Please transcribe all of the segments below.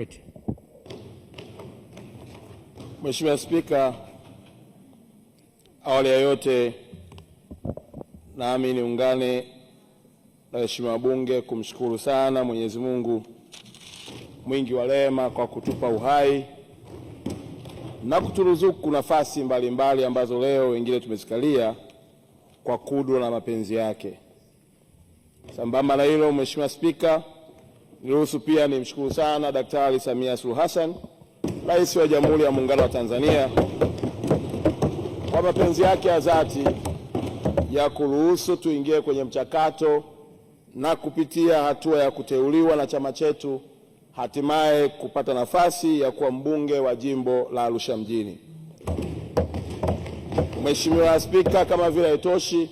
Kikwete. Mheshimiwa Spika, awali ya yote nami niungane na waheshimiwa wabunge kumshukuru sana Mwenyezi Mungu mwingi wa rehema kwa kutupa uhai na kuturuzuku nafasi mbalimbali ambazo leo wengine tumezikalia kwa kudwa na mapenzi yake. Sambamba na hilo, Mheshimiwa Spika Niruhusu pia nimshukuru sana Daktari Samia Suluhu Hassan, Rais wa Jamhuri ya Muungano wa Tanzania kwa mapenzi yake ya dhati ya kuruhusu tuingie kwenye mchakato na kupitia hatua ya kuteuliwa na chama chetu hatimaye kupata nafasi ya kuwa mbunge wa jimbo la Arusha mjini. Mheshimiwa Spika, kama vile haitoshi,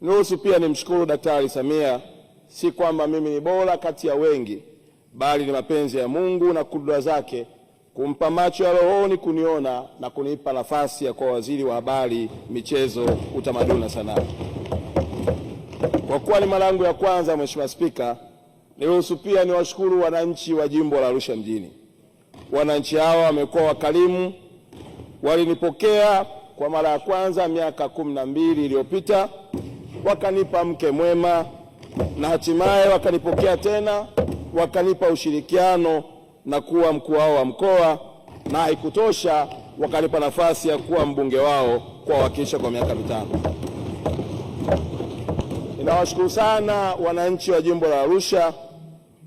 niruhusu pia nimshukuru Daktari Samia si kwamba mimi ni bora kati ya wengi, bali ni mapenzi ya Mungu na kudura zake kumpa macho ya rohoni kuniona na kunipa nafasi ya kuwa waziri wa habari, michezo, utamaduni na sanaa. Kwa kuwa ni mara yangu ya kwanza, Mheshimiwa Spika, niruhusu pia niwashukuru wananchi wa jimbo la Arusha mjini. Wananchi hawa wamekuwa wakarimu, walinipokea kwa mara ya kwanza miaka kumi na mbili iliyopita, wakanipa mke mwema na hatimaye wakanipokea tena, wakanipa ushirikiano na kuwa mkuu wao wa mkoa, na haikutosha wakanipa nafasi ya kuwa mbunge wao kuwawakilisha kwa miaka mitano. Ninawashukuru sana wananchi wa jimbo la Arusha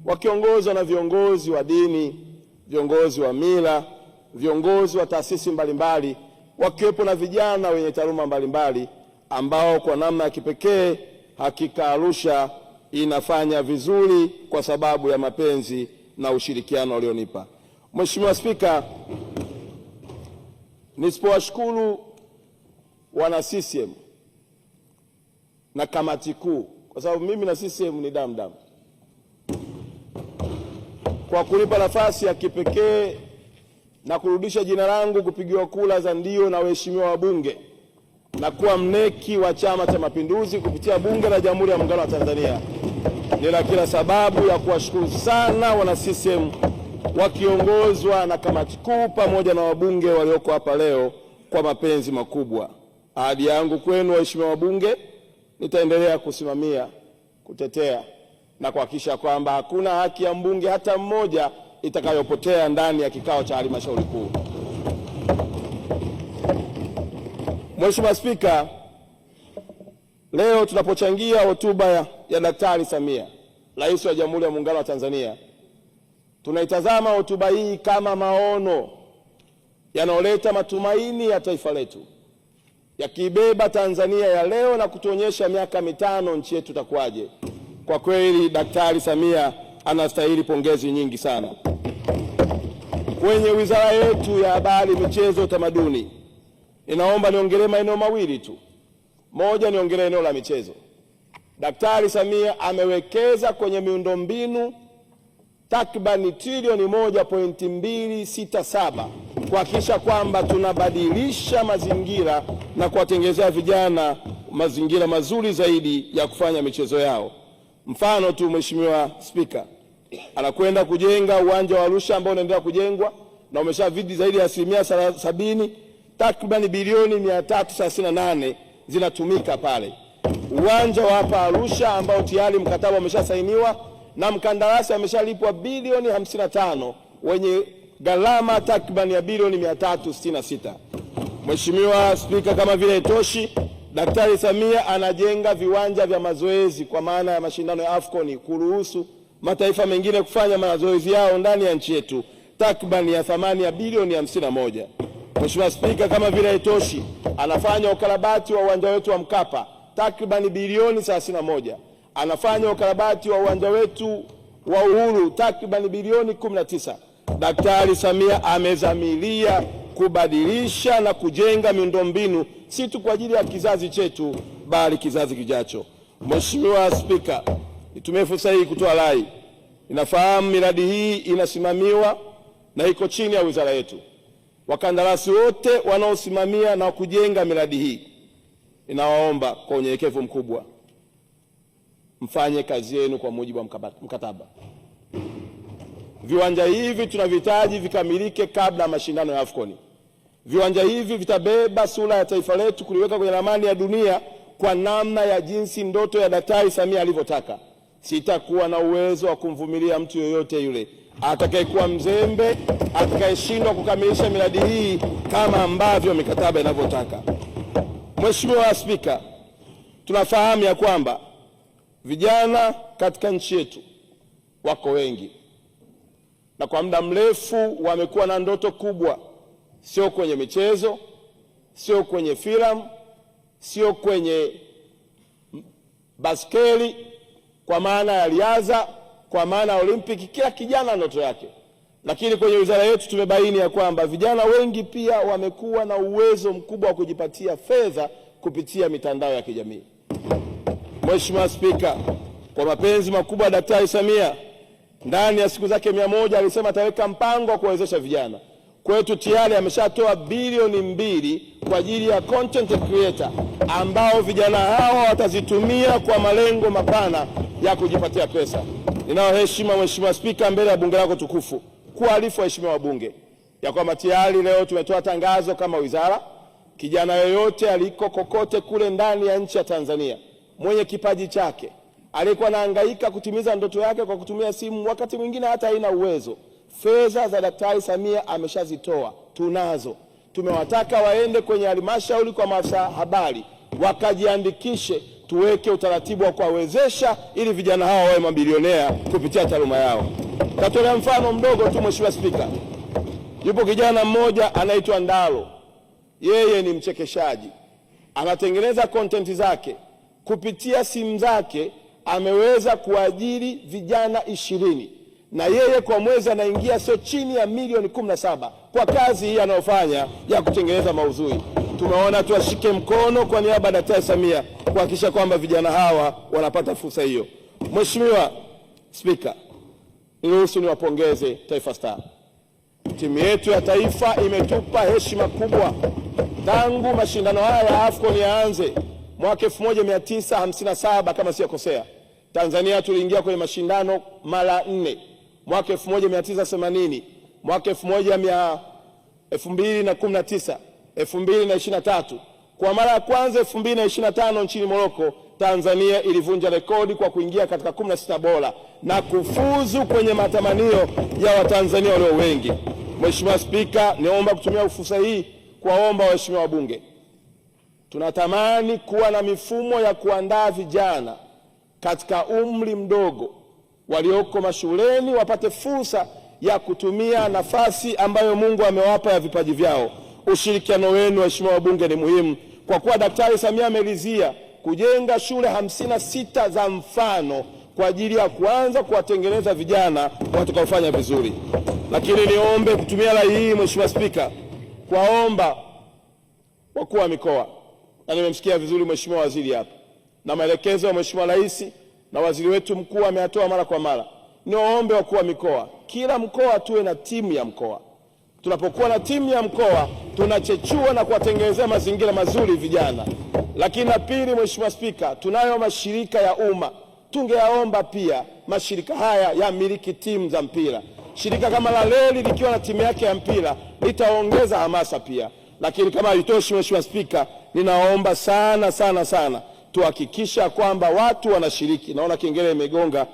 wakiongozwa na viongozi wa dini, viongozi wa mila, viongozi wa taasisi mbalimbali, wakiwepo na vijana wenye taaluma mbalimbali ambao kwa namna ya kipekee hakika Arusha inafanya vizuri kwa sababu ya mapenzi na ushirikiano walionipa. Mheshimiwa Spika, nisipowashukuru wana CCM na kamati kuu, kwa sababu mimi na CCM ni damu damu, kwa kunipa nafasi ya kipekee na kurudisha jina langu kupigiwa kura za ndio na waheshimiwa wabunge na kuwa mneki wa Chama cha Mapinduzi kupitia Bunge la Jamhuri ya Muungano wa Tanzania. Nina kila sababu ya kuwashukuru sana wana CCM wakiongozwa na kamati kuu pamoja na wabunge walioko hapa leo kwa mapenzi makubwa. Ahadi yangu kwenu, waheshimiwa wabunge, nitaendelea kusimamia, kutetea na kuhakikisha kwamba hakuna haki ya mbunge hata mmoja itakayopotea ndani ya kikao cha halmashauri kuu. Mheshimiwa Spika, leo tunapochangia hotuba ya, ya Daktari Samia, Rais wa Jamhuri ya Muungano wa Tanzania, tunaitazama hotuba hii kama maono yanayoleta matumaini ya taifa letu, yakibeba Tanzania ya leo na kutuonyesha miaka mitano nchi yetu itakuwaje. Kwa kweli Daktari Samia anastahili pongezi nyingi sana. Kwenye wizara yetu ya habari, michezo, utamaduni Ninaomba niongelee maeneo mawili tu. Moja, niongelee eneo la michezo. Daktari Samia amewekeza kwenye miundombinu takribani trilioni saba kuhakikisha kwamba tunabadilisha mazingira na kuwatengenezea vijana mazingira mazuri zaidi ya kufanya michezo yao. Mfano tu, Mheshimiwa Spika, anakwenda kujenga uwanja wa Arusha ambao unaendelea kujengwa na umeshavidi zaidi ya asilimia sabini takriban bilioni 338 zinatumika pale. Uwanja wa hapa Arusha ambao tayari mkataba umeshasainiwa na mkandarasi ameshalipwa bilioni 55 wenye gharama takribani ya bilioni 366. Mheshimiwa Spika, kama vile itoshi, Daktari Samia anajenga viwanja vya mazoezi kwa maana ya mashindano ya AFCON kuruhusu mataifa mengine kufanya mazoezi yao ndani ya nchi yetu takriban ya thamani ya bilioni 51. Mheshimiwa Spika, kama vile haitoshi, anafanya ukarabati wa uwanja wetu wa Mkapa takribani bilioni 31, anafanya ukarabati wa uwanja wetu wa Uhuru takribani bilioni 19. Daktari Samia amezamilia kubadilisha na kujenga miundombinu si tu kwa ajili ya kizazi chetu bali kizazi kijacho. Mheshimiwa Spika, nitumie fursa hii kutoa rai. Ninafahamu miradi hii inasimamiwa na iko chini ya wizara yetu. Wakandarasi wote wanaosimamia na kujenga miradi hii, ninawaomba kwa unyenyekevu mkubwa mfanye kazi yenu kwa mujibu wa mkataba. Viwanja hivi tunavihitaji vikamilike kabla ya mashindano ya AFCON. Viwanja hivi vitabeba sura ya taifa letu, kuliweka kwenye ramani ya dunia kwa namna ya jinsi ndoto ya Daktari Samia alivyotaka. Sitakuwa na uwezo wa kumvumilia mtu yoyote yule atakayekuwa mzembe, atakayeshindwa kukamilisha miradi hii kama ambavyo mikataba inavyotaka. Mheshimiwa Spika, tunafahamu ya kwamba vijana katika nchi yetu wako wengi na kwa muda mrefu wamekuwa na ndoto kubwa, sio kwenye michezo, sio kwenye filamu, sio kwenye baskeli kwa maana ya riadha, kwa maana ya Olympic, kila kijana ndoto yake. Lakini kwenye wizara yetu tumebaini ya kwamba vijana wengi pia wamekuwa na uwezo mkubwa wa kujipatia fedha kupitia mitandao ya kijamii. Mheshimiwa Spika, kwa mapenzi makubwa Daktari Samia ndani ya siku zake mia moja alisema ataweka mpango wa kuwawezesha vijana. Kwetu tayari ameshatoa bilioni mbili kwa ajili ya content creator ambao vijana hawa watazitumia kwa malengo mapana ya kujipatia pesa. Ninao heshima, Mheshimiwa Spika, mbele ya bunge lako tukufu kuarifu waheshimiwa wabunge ya kwamba tayari leo tumetoa tangazo kama wizara, kijana yoyote aliko kokote kule ndani ya nchi ya Tanzania mwenye kipaji chake aliyekuwa anahangaika kutimiza ndoto yake kwa kutumia simu, wakati mwingine hata haina uwezo Fedha za Daktari Samia ameshazitoa, tunazo. Tumewataka waende kwenye halmashauri kwa maafisa habari wakajiandikishe, tuweke utaratibu wa kuwawezesha ili vijana hawa wawe mabilionea kupitia taaluma yao. Tatolea mfano mdogo tu, Mheshimiwa Spika, yupo kijana mmoja anaitwa Ndalo, yeye ni mchekeshaji, anatengeneza kontenti zake kupitia simu zake, ameweza kuajiri vijana ishirini na yeye kwa mwezi anaingia sio chini ya milioni kumi na saba kwa kazi hii anayofanya ya kutengeneza mauzui. Tumeona tuwashike mkono kwa niaba ya Daktari Samia kuhakikisha kwamba vijana hawa wanapata fursa hiyo. Mheshimiwa Spika, niruhusu niwapongeze Taifa Star. Timu yetu ya taifa imetupa heshima kubwa tangu mashindano haya ya AFCON yaanze mwaka 1957 kama siyakosea, Tanzania tuliingia kwenye mashindano mara nne mwaka 1980, mwaka 2019, 2023. Kwa mara ya kwanza 2025 nchini Moroko, Tanzania ilivunja rekodi kwa kuingia katika 16 bora na kufuzu kwenye matamanio ya Watanzania walio wengi. Mheshimiwa Spika, niomba kutumia fursa hii kuwaomba waheshimiwa wabunge, tunatamani kuwa na mifumo ya kuandaa vijana katika umri mdogo walioko mashuleni wapate fursa ya kutumia nafasi ambayo Mungu amewapa ya vipaji vyao. Ushirikiano wenu waheshimiwa wabunge ni muhimu, kwa kuwa Daktari Samia amelizia kujenga shule hamsini na sita za mfano kwa ajili ya kuanza kuwatengeneza vijana watakaofanya vizuri. Lakini niombe kutumia rai hii, Mheshimiwa Spika, kuwaomba wakuu wa mikoa, na nimemsikia vizuri Mheshimiwa Waziri hapa na maelekezo ya Mheshimiwa Rais na waziri wetu mkuu ameyatoa mara kwa mara. Niwaombe wakuu wa mikoa, kila mkoa tuwe na timu ya mkoa. Tunapokuwa na timu ya mkoa, tunachechua na kuwatengenezea mazingira mazuri vijana. Lakini la pili, Mheshimiwa Spika, tunayo mashirika ya umma. Tungeyaomba pia mashirika haya yamiliki timu za mpira. Shirika kama la reli likiwa na timu yake ya mpira litaongeza hamasa pia. Lakini kama haitoshi, Mheshimiwa Spika, ninaomba sana sana sana tuhakikisha kwamba watu wanashiriki. Naona kengele imegonga,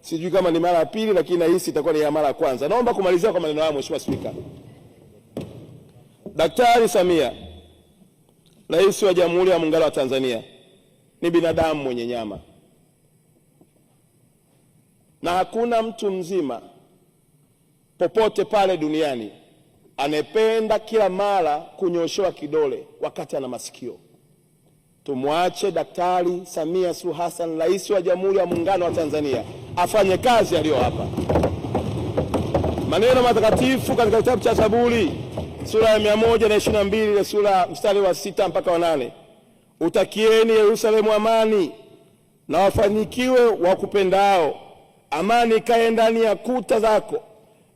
sijui kama ni mara ya pili, lakini nahisi itakuwa ni ya mara ya kwanza. Naomba kumalizia kwa maneno hayo, Mheshimiwa Spika. Daktari Samia, Rais wa Jamhuri ya Muungano wa Tanzania, ni binadamu mwenye nyama, na hakuna mtu mzima popote pale duniani anayependa kila mara kunyoshewa kidole wakati ana masikio Tumwache Daktari Samia Suluhu Hassan, rais wa Jamhuri ya Muungano wa Tanzania, afanye kazi aliyo hapa Maneno matakatifu katika kitabu cha Zaburi sura ya 122 na sura mstari wa sita mpaka wa nane utakieni Yerusalemu amani na wafanikiwe wa kupendao amani ikae ndani ya kuta zako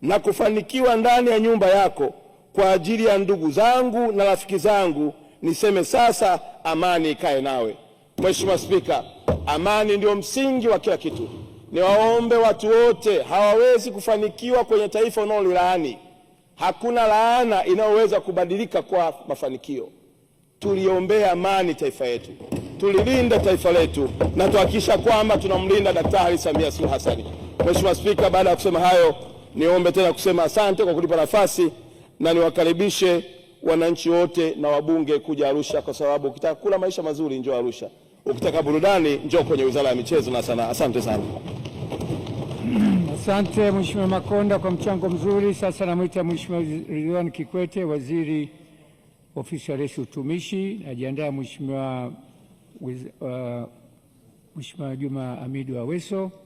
na kufanikiwa ndani ya nyumba yako, kwa ajili ya ndugu zangu na rafiki zangu niseme sasa, amani ikae nawe. Mheshimiwa Spika, amani ndio msingi wa kila kitu. Niwaombe watu wote, hawawezi kufanikiwa kwenye taifa unaolilaani. Hakuna laana inayoweza kubadilika kwa mafanikio. Tuliombee amani taifa yetu, tulilinde taifa letu na tuhakikisha kwamba tunamlinda Daktari Samia Suluhu Hassan. Mheshimiwa Spika, baada ya kusema hayo, niombe tena kusema asante kwa kunipa nafasi na niwakaribishe wananchi wote na wabunge kuja Arusha, kwa sababu ukitaka kula maisha mazuri njoo Arusha, ukitaka burudani njoo kwenye Wizara ya Michezo na Sanaa. Asante sana. Asante Mheshimiwa Makonda kwa mchango mzuri. Sasa namwita Mheshimiwa Ridhiwani Kikwete, Waziri Ofisi ya Rais Utumishi. Najiandaa Mheshimiwa uh, Mheshimiwa Juma Hamidu Aweso.